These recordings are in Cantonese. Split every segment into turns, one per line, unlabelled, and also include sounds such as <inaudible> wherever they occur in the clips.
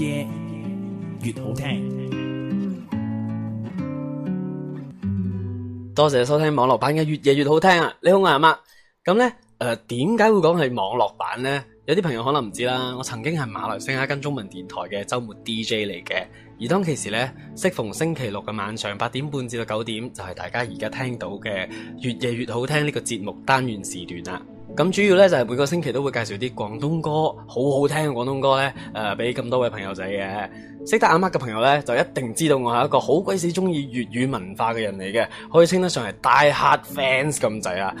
Yeah, yeah, yeah. 越好聽，多謝收聽網絡版嘅《越夜越好聽》啊！你好，我阿媽。咁呢，誒，點解會講係網絡版呢？有啲朋友可能唔知啦。我曾經係馬來西亞一間中文電台嘅周末 DJ 嚟嘅，而當其時呢，適逢星期六嘅晚上八點半至到九點，就係大家而家聽到嘅《越夜越好聽》呢個節目單元時段啦。咁主要咧就係、是、每個星期都會介紹啲廣東歌，好好聽嘅廣東歌咧，誒俾咁多位朋友仔嘅。識得阿媽嘅朋友咧就一定知道我係一個好鬼死中意粵語文化嘅人嚟嘅，可以稱得上係 die hard fans 咁滯啊！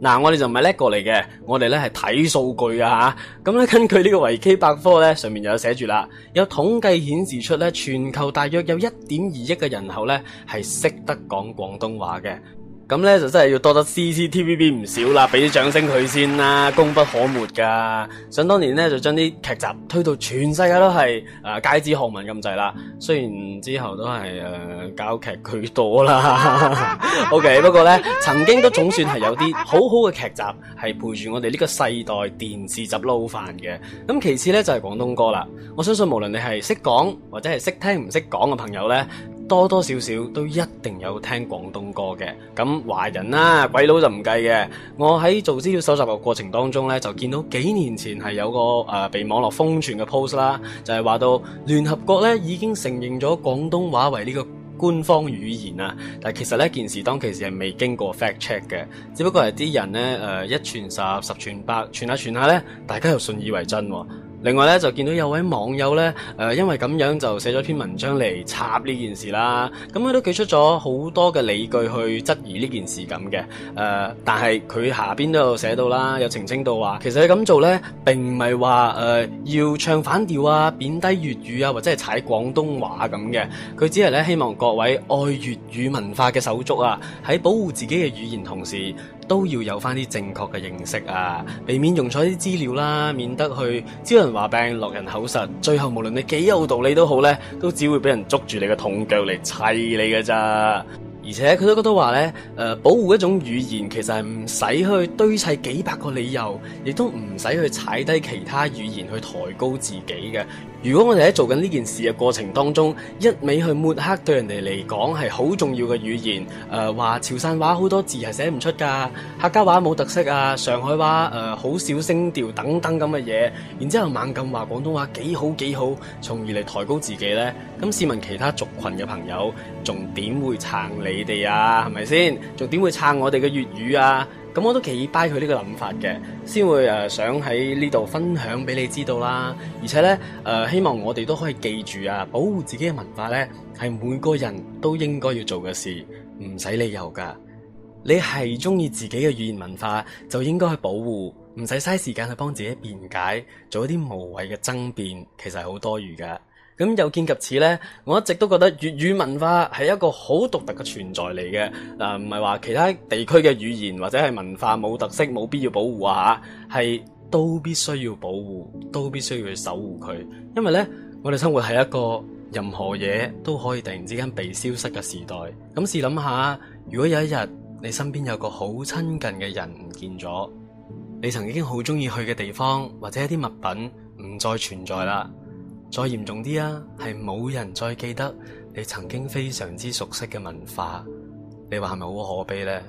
嗱，我哋就唔係叻過嚟嘅，我哋咧係睇數據㗎嚇、啊。咁咧根據呢個維基百科咧上面就有寫住啦，有統計顯示出咧全球大約有1.2億嘅人口咧係識得講廣東話嘅。咁咧就真係要多得 CCTVB 唔少啦，俾啲掌聲佢先啦，功不可沒噶。想當年咧就將啲劇集推到全世界都係誒街知巷聞咁滯啦，雖然之後都係誒膠劇居多啦。 <laughs> OK，不過咧曾經都總算係有啲好好嘅劇集係陪住我哋呢個世代電視集撈飯嘅。咁其次咧就係、是、廣東歌啦，我相信無論你係識講或者係識聽唔識講嘅朋友咧多多少少都一定有聽廣東歌嘅，咁華人啦、啊，鬼佬就唔計嘅。我喺做資料搜集嘅過程當中呢，就見到幾年前係有個誒、呃、被網絡瘋傳嘅 post 啦，就係、是、話到聯合國呢已經承認咗廣東話為呢個官方語言啊。但其實呢件事當其時係未經過 fact check 嘅，只不過係啲人呢誒、呃、一傳十，十傳百，傳下傳下呢，大家又信以為真、哦。另外咧就見到有位網友咧，誒、呃、因為咁樣就寫咗篇文章嚟插呢件事啦，咁佢都舉出咗好多嘅理據去質疑呢件事咁嘅，誒、呃、但係佢下邊都有寫到啦，有澄清到話其實你咁做咧並唔係話誒要唱反調啊、貶低粵語啊或者係踩廣東話咁嘅，佢只係咧希望各位愛粵語文化嘅手足啊，喺保護自己嘅語言同時，都要有翻啲正確嘅認識啊，避免用錯啲資料啦，免得去招人話病落人口實。最後無論你幾有道理都好呢，都只會俾人捉住你個痛腳嚟砌你㗎咋。而且佢都覺得話呢誒、呃、保護一種語言其實係唔使去堆砌幾百個理由，亦都唔使去踩低其他語言去抬高自己嘅。如果我哋喺做緊呢件事嘅過程當中，一味去抹黑對人哋嚟講係好重要嘅語言，誒、呃、話潮汕話好多字係寫唔出㗎，客家話冇特色啊，上海話誒好少聲調等等咁嘅嘢，然之後猛咁話廣東話幾好幾好，從而嚟抬高自己咧，咁試問其他族群嘅朋友，仲點會撐你哋啊？係咪先？仲點會撐我哋嘅粵語啊？咁、嗯、我都幾 buy 佢呢個諗法嘅，先會誒、啊、想喺呢度分享俾你知道啦。而且咧誒、呃，希望我哋都可以記住啊，保護自己嘅文化咧，係每個人都應該要做嘅事，唔使理由噶。你係中意自己嘅語言文化，就應該去保護，唔使嘥時間去幫自己辯解，做一啲無謂嘅爭辯，其實係好多餘噶。咁又見及此呢，我一直都覺得粵語，語文化係一個好獨特嘅存在嚟嘅。嗱、呃，唔係話其他地區嘅語言或者係文化冇特色，冇必要保護嚇，係都必須要保護，都必須要去守護佢。因為呢，我哋生活係一個任何嘢都可以突然之間被消失嘅時代。咁試諗下，如果有一日你身邊有個好親近嘅人唔見咗，你曾經好中意去嘅地方或者一啲物品唔再存在啦。再嚴重啲啊，係冇人再記得你曾經非常之熟悉嘅文化，你話係咪好可悲呢？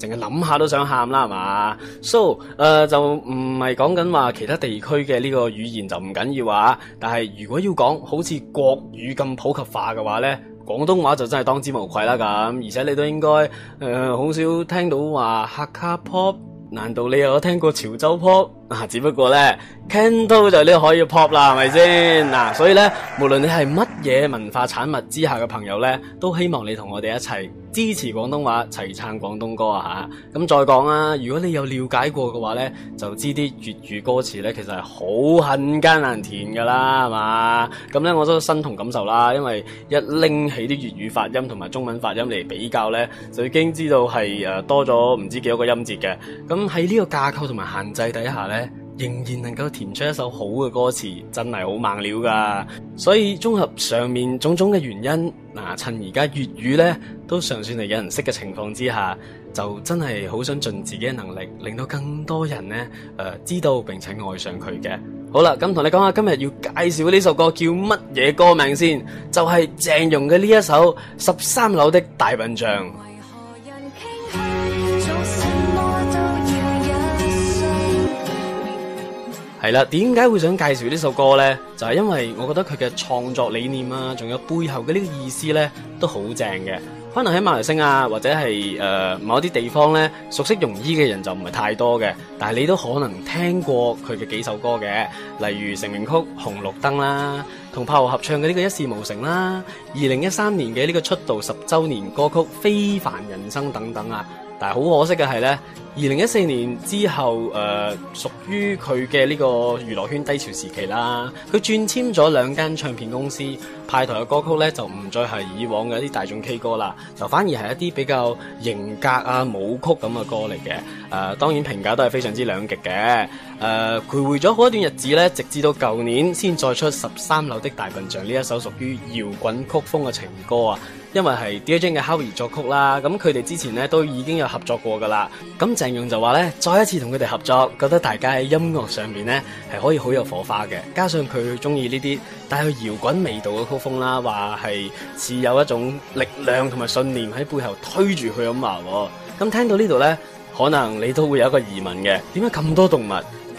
淨係諗下都想喊啦，係嘛？So，誒、呃、就唔係講緊話其他地區嘅呢個語言就唔緊要啊，但係如果要講好似國語咁普及化嘅話呢，廣東話就真係當之無愧啦，咁，而且你都應該誒好、呃、少聽到話客家 pop，難道你有聽過潮州 pop？啊，只不過咧，Canto 就呢個可以 pop 啦，係咪先？嗱、啊，所以咧，無論你係乜嘢文化產物之下嘅朋友咧，都希望你同我哋一齊支持廣東話，齊撐廣東歌啊吓，咁、啊、再講啊，如果你有了解過嘅話咧，就知啲粵語歌詞咧，其實係好很艱難填噶啦，係嘛？咁咧，我都身同感受啦，因為一拎起啲粵語發音同埋中文發音嚟比較咧，就已經知道係誒多咗唔知幾多個音節嘅。咁喺呢個架構同埋限制底下咧。仍然能夠填出一首好嘅歌詞，真係好猛料噶。所以綜合上面種種嘅原因，嗱，趁而家粵語呢都尚算係有人識嘅情況之下，就真係好想盡自己嘅能力，令到更多人呢、呃、知道並且愛上佢嘅。好啦，咁同你講下今日要介紹呢首歌叫乜嘢歌名先，就係鄭融嘅呢一首《十三樓的大笨象》。係啦，點解會想介紹呢首歌呢？就係、是、因為我覺得佢嘅創作理念啊，仲有背後嘅呢個意思呢，都好正嘅。可能喺馬來西亞或者係誒、呃、某啲地方呢，熟悉融姨嘅人就唔係太多嘅，但係你都可能聽過佢嘅幾首歌嘅，例如成名曲《紅綠燈》啦，同柏豪合唱嘅呢、這個《一事無成》啦，二零一三年嘅呢個出道十周年歌曲《非凡人生》等等啊。但係好可惜嘅係呢，二零一四年之後，誒、呃、屬於佢嘅呢個娛樂圈低潮時期啦。佢轉簽咗兩間唱片公司，派台嘅歌曲呢就唔再係以往嘅一啲大眾 K 歌啦，就反而係一啲比較型格啊、舞曲咁嘅歌嚟嘅。誒、呃、當然評價都係非常之兩極嘅。誒、徘徊咗好一段日子呢，直至到舊年先再出《十三樓的大笨象》呢一首屬於搖滾曲風嘅情歌啊！因為係 DJ 嘅 Howie 作曲啦，咁佢哋之前咧都已經有合作過噶啦。咁鄭融就話咧，再一次同佢哋合作，覺得大家喺音樂上邊咧係可以好有火花嘅。加上佢中意呢啲帶有搖滾味道嘅曲風啦，話係似有一種力量同埋信念喺背後推住佢咁啊。咁聽到呢度咧，可能你都會有一個疑問嘅，點解咁多動物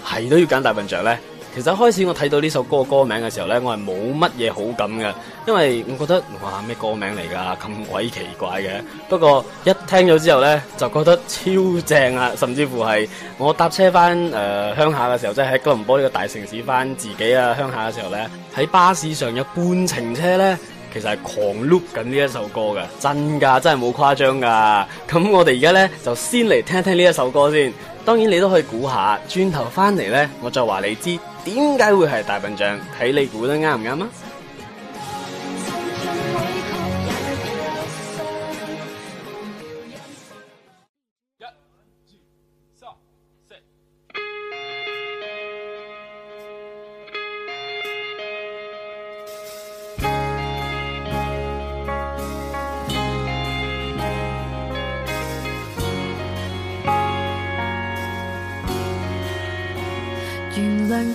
係都要揀大笨象咧？其實開始我睇到呢首歌歌名嘅時候呢，我係冇乜嘢好感嘅，因為我覺得哇，咩歌名嚟噶咁鬼奇怪嘅。不過一聽咗之後呢，就覺得超正啊！甚至乎係我搭車翻誒鄉下嘅時候，即係喺哥倫坡呢個大城市翻自己啊鄉下嘅時候呢，喺巴士上有半程車呢，其實係狂碌緊呢一首歌嘅，真噶，真係冇誇張噶。咁我哋而家呢，就先嚟聽聽呢一首歌先，當然你都可以估下，轉頭翻嚟呢，我再話你知。點解會係大笨象？睇你估得啱唔啱啊？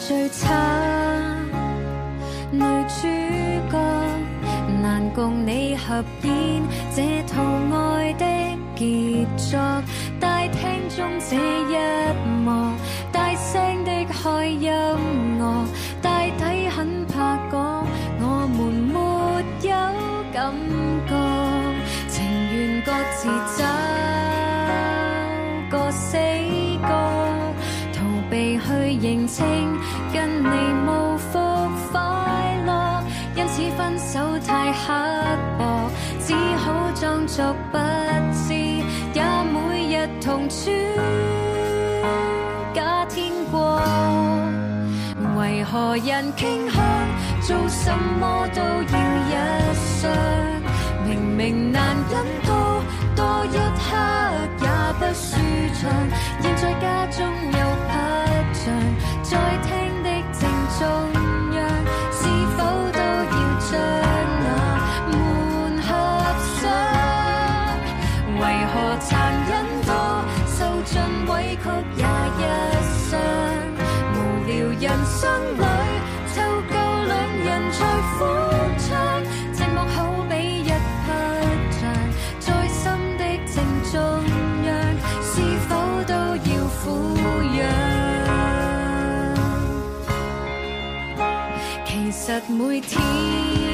最差女主角，難共你合演這套愛的傑作。大廳中這一幕，大聲的開音樂，大抵很怕講，我們沒有感覺，情願各自找個死角，逃避去認清。作不知，也每日同穿假天光。為何人傾向做什麼都要一雙？明明難忍到多一刻也不舒暢。其實每天。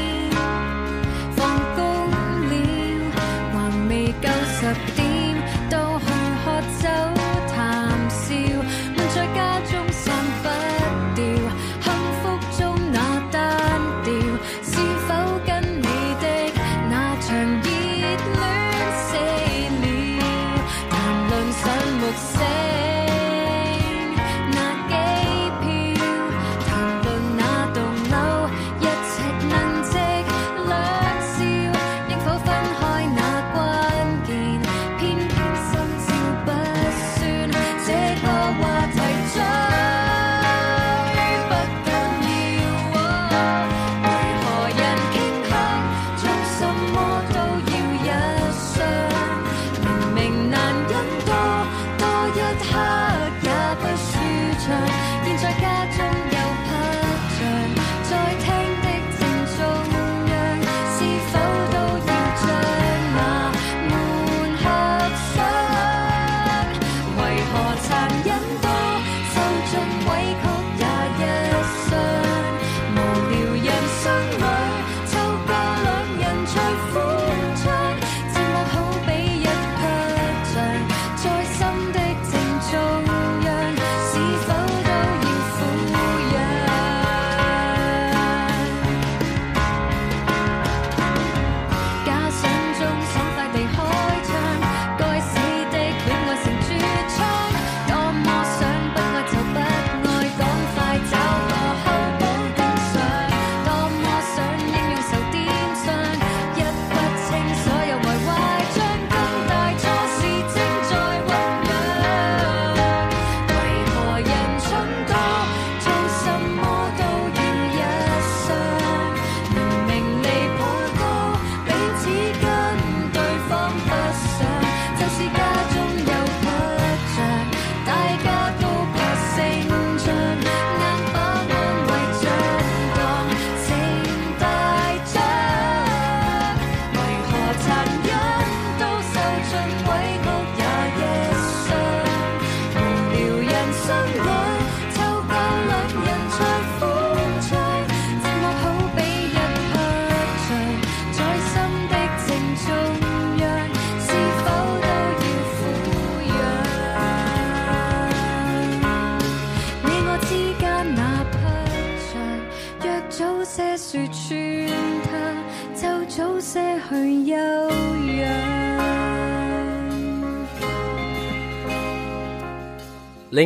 你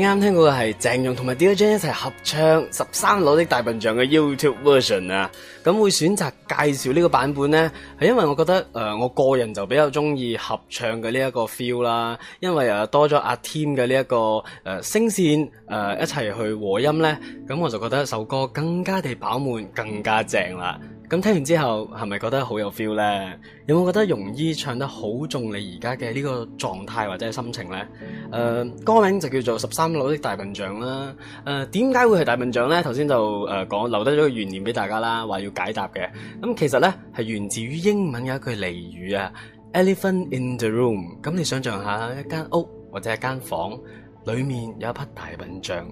啱聽過嘅係鄭融同埋 DJ 一齊合唱《十三樓的大笨象》嘅 YouTube version 啊，咁、嗯、會選擇介紹呢個版本呢？係因為我覺得誒、呃、我個人就比較中意合唱嘅呢一個 feel 啦，因為又、啊、多咗阿 Tim 嘅呢一個誒聲線誒一齊去和音呢。咁、嗯、我就覺得首歌更加地飽滿，更加正啦。咁聽完之後係咪覺得好有 feel 呢？有冇覺得容姨唱得好中你而家嘅呢個狀態或者係心情呢？誒、呃、歌名就叫做《十三樓的大笨象》啦。誒點解會係大笨象呢？頭先就誒講、呃、留低咗個懸念俾大家啦，話要解答嘅。咁、嗯、其實呢，係源自於英文有一句俚語啊，elephant in the room。咁、嗯、你想象一下一間屋或者一間房裡面有一匹大笨象，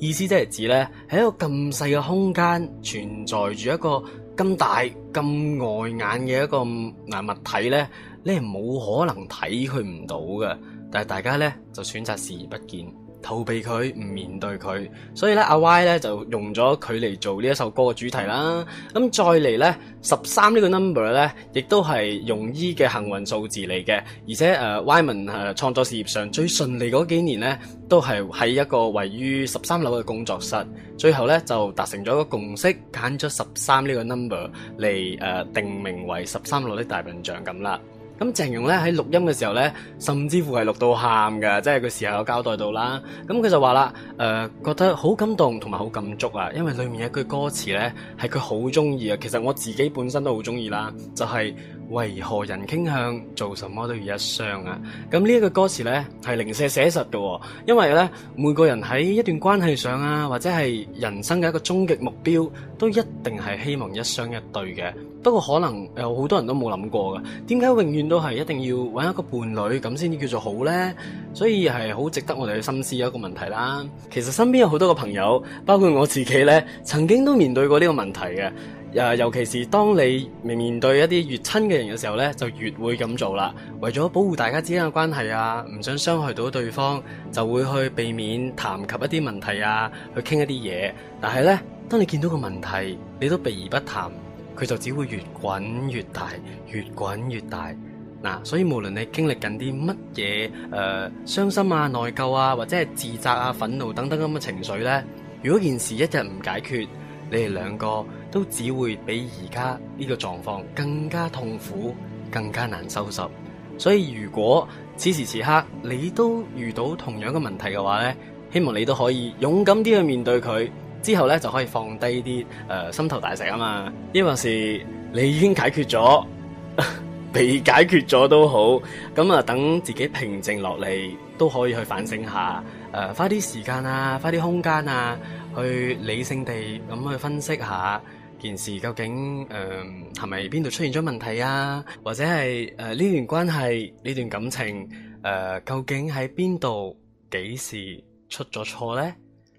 意思即係指呢，喺一個咁細嘅空間存在住一個。咁大咁礙眼嘅一個嗱物體呢，你係冇可能睇佢唔到嘅。但係大家咧就選擇視而不見，逃避佢，唔面對佢。所以咧、啊，阿 Y 咧就用咗佢嚟做呢一首歌嘅主題啦。咁、嗯、再嚟咧，十三呢個 number 咧，亦都係用於嘅幸運數字嚟嘅。而且誒，Y 文誒創作事業上最順利嗰幾年咧，都係喺一個位於十三樓嘅工作室。最後咧就達成咗個共識，揀咗十三呢個 number 嚟誒定名為十三樓的大笨象咁啦。咁鄭融咧喺錄音嘅時候咧，甚至乎係錄到喊㗎，即係佢時候有交代到啦。咁佢就話啦，誒、呃、覺得好感動同埋好感觸啊，因為裡面有一句歌詞咧係佢好中意啊。其實我自己本身都好中意啦，就係、是。為何人傾向做什麼都要一雙啊？咁呢一個歌詞呢，係零舍寫實嘅，哦，因為呢，每個人喺一段關係上啊，或者係人生嘅一個終極目標，都一定係希望一雙一對嘅。不過可能有好，呃、多人都冇諗過嘅，點解永遠都係一定要揾一個伴侶咁先至叫做好呢？所以係好值得我哋去深思一個問題啦。其實身邊有好多個朋友，包括我自己呢，曾經都面對過呢個問題嘅。尤其是當你面對一啲越親嘅人嘅時候呢，就越會咁做啦。為咗保護大家之間嘅關係啊，唔想傷害到對方，就會去避免談及一啲問題啊，去傾一啲嘢。但係呢，當你見到個問題，你都避而不談，佢就只會越滾越大，越滾越大。嗱、啊，所以無論你經歷緊啲乜嘢，誒、呃，傷心啊、內疚啊，或者係自責啊、憤怒等等咁嘅情緒呢，如果件事一日唔解決，你哋兩個。都只會比而家呢個狀況更加痛苦，更加難收拾。所以如果此時此刻你都遇到同樣嘅問題嘅話呢，希望你都可以勇敢啲去面對佢，之後呢，就可以放低啲誒心頭大石啊嘛。抑或是你已經解決咗， <laughs> 被解決咗都好，咁啊等自己平靜落嚟，都可以去反省下，誒、呃、花啲時間啊，花啲空間啊，去理性地咁去分析下。件事究竟誒，係咪邊度出現咗問題啊？或者係誒呢段關係呢段感情誒、呃、究竟喺邊度幾時出咗錯咧？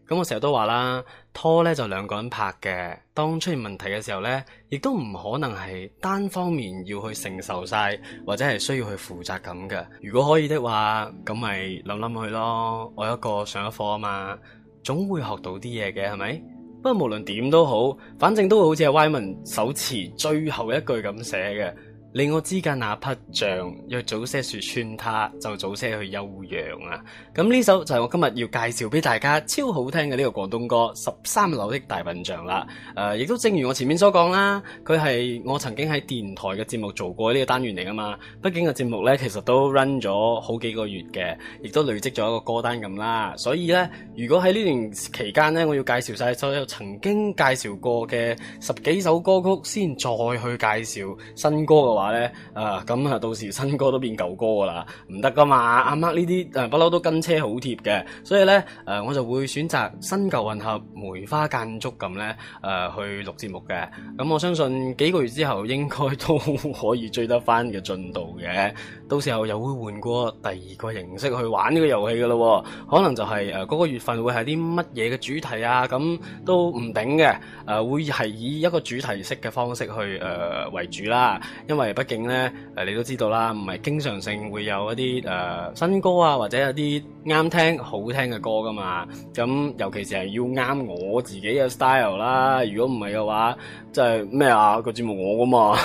咁我成日都話啦，拖咧就兩個人拍嘅，當出現問題嘅時候咧，亦都唔可能係單方面要去承受晒或者係需要去負責咁嘅。如果可以的話，咁咪諗諗去咯。我有一個上咗課啊嘛，總會學到啲嘢嘅，係咪？不過無論點都好，反正都好似係 Wyman 手持最後一句咁寫嘅。你我之間那匹象，若早些說穿它，就早些去休養啊！咁呢首就係我今日要介紹俾大家超好聽嘅呢個廣東歌《十三樓的大笨象》啦。誒、呃，亦都正如我前面所講啦，佢係我曾經喺電台嘅節目做過呢個單元嚟噶嘛。畢竟個節目咧，其實都 run 咗好幾個月嘅，亦都累積咗一個歌單咁啦。所以咧，如果喺呢段期間咧，我要介紹晒所有曾經介紹過嘅十幾首歌曲先再去介紹新歌嘅話，話咧，啊咁啊，到時新歌都變舊歌噶啦，唔得噶嘛！阿媽呢啲誒，不嬲、啊、都跟車好貼嘅，所以咧誒、啊，我就會選擇新舊混合梅花間竹咁咧誒，去錄節目嘅。咁、啊、我相信幾個月之後應該都可以追得翻嘅進度嘅，到時候又會換過第二個形式去玩呢個遊戲噶咯。可能就係誒嗰個月份會係啲乜嘢嘅主題啊，咁、啊、都唔定嘅。誒、啊，會係以一個主題式嘅方式去誒、啊、為主啦，因為。誒，畢竟咧，誒，你都知道啦，唔係經常性會有一啲誒、呃、新歌啊，或者有啲啱聽好聽嘅歌噶嘛。咁尤其是係要啱我自己嘅 style 啦。如果唔係嘅話，即係咩啊、這個節目我噶嘛。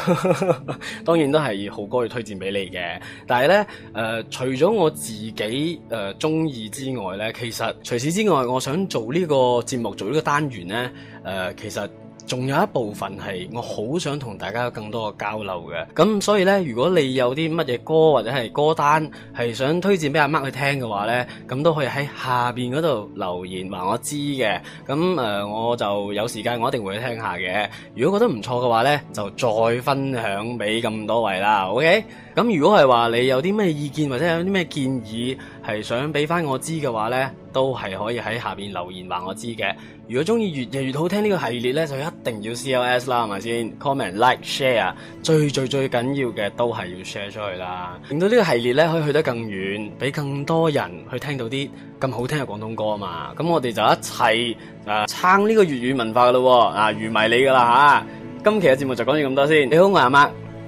<laughs> 當然都係好歌去推薦俾你嘅。但係咧，誒、呃，除咗我自己誒中意之外咧，其實除此之外，我想做呢個節目做呢個單元咧，誒、呃，其實。仲有一部分係我好想同大家有更多嘅交流嘅，咁所以呢，如果你有啲乜嘢歌或者係歌單係想推薦俾阿媽去聽嘅話呢，咁都可以喺下邊嗰度留言話我知嘅，咁誒我就有時間我一定會去聽下嘅，如果覺得唔錯嘅話呢，就再分享俾咁多位啦，OK。咁如果係話你有啲咩意見或者有啲咩建議係想俾翻我知嘅話咧，都係可以喺下邊留言話我知嘅。如果中意越夜粵好聽呢個系列咧，就一定要 CLS 啦，係咪先？Comment、Like、Share、Like、Share，最最最緊要嘅都係要 share 出去啦，令到呢個系列咧可以去得更遠，俾更多人去聽到啲咁好聽嘅廣東歌啊嘛。咁我哋就一齊啊撐呢個粵語文化咯喎，啊，啊預埋你㗎啦嚇！今期嘅節目就講到咁多先，你好啊，阿媽，媽。